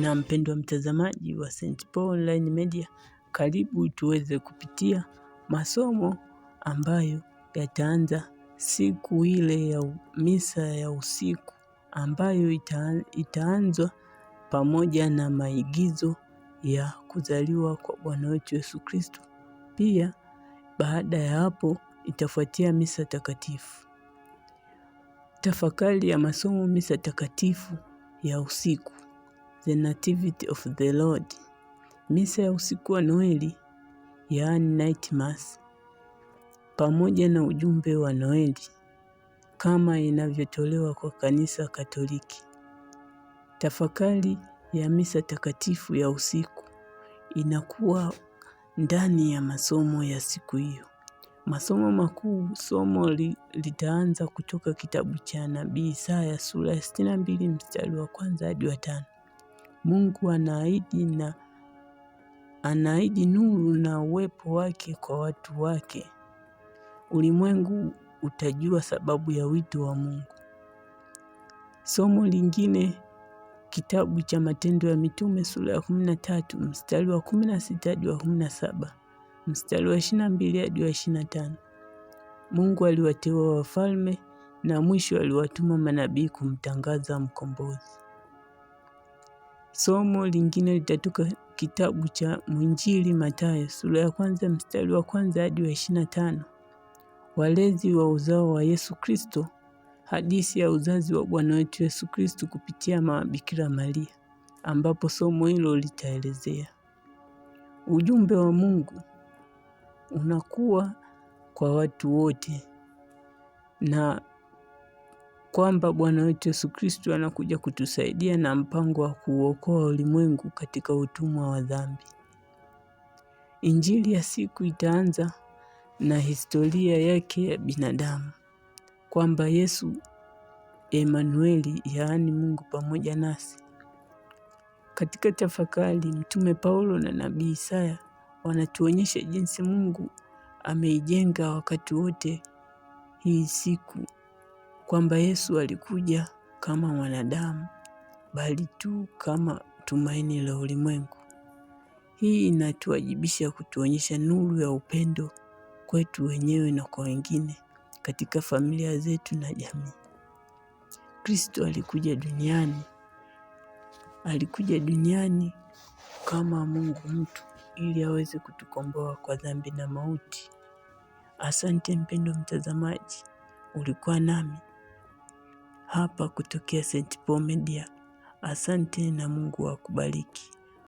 na mpendwa mtazamaji wa St. Paul Online Media, karibu tuweze kupitia masomo ambayo yataanza siku ile ya misa ya usiku ambayo ita, itaanzwa pamoja na maigizo ya kuzaliwa kwa Bwana wetu Yesu Kristo. Pia baada ya hapo itafuatia misa takatifu. Tafakari ya masomo misa takatifu ya usiku. The Nativity of the Lord, misa ya usiku wa Noeli, yaani night mass, pamoja na ujumbe wa Noeli kama inavyotolewa kwa kanisa Katoliki. Tafakari ya misa takatifu ya usiku inakuwa ndani ya masomo ya siku hiyo. Masomo makuu, somo li, litaanza kutoka kitabu cha nabii Isaya sura ya 62 mstari wa kwanza hadi wa tano. Mungu anaahidi na anaahidi nuru na uwepo wake kwa watu wake. Ulimwengu utajua sababu ya wito wa Mungu. Somo lingine kitabu cha Matendo ya Mitume sura ya kumi mstari wa kumi hadi wa kumi mstari wa 22 na mbili hadi wa 25. na tano Mungu aliwateua wafalme na mwisho aliwatuma manabii kumtangaza mkombozi. Somo lingine litatoka kitabu cha mwinjili Mathayo sura ya kwanza mstari wa kwanza hadi wa ishirini na tano. Walezi wa uzao wa Yesu Kristo, hadithi ya uzazi wa Bwana wetu Yesu Kristo kupitia Mama Bikira Maria, ambapo somo hilo litaelezea ujumbe wa Mungu unakuwa kwa watu wote na kwamba Bwana wetu Yesu Kristo anakuja kutusaidia na mpango wa kuuokoa ulimwengu katika utumwa wa dhambi. Injili ya siku itaanza na historia yake ya binadamu, kwamba Yesu Emanueli, yaani Mungu pamoja nasi. Katika tafakari, Mtume Paulo na Nabii Isaya wanatuonyesha jinsi Mungu ameijenga wakati wote hii siku kwamba Yesu alikuja kama mwanadamu, bali tu kama tumaini la ulimwengu. Hii inatuwajibisha kutuonyesha nuru ya upendo kwetu wenyewe na kwa wengine katika familia zetu na jamii. Kristo alikuja duniani, alikuja duniani kama Mungu mtu ili aweze kutukomboa kwa dhambi na mauti. Asante mpendo mtazamaji, ulikuwa nami hapa kutokea St. Paul Media. Asante na Mungu akubariki.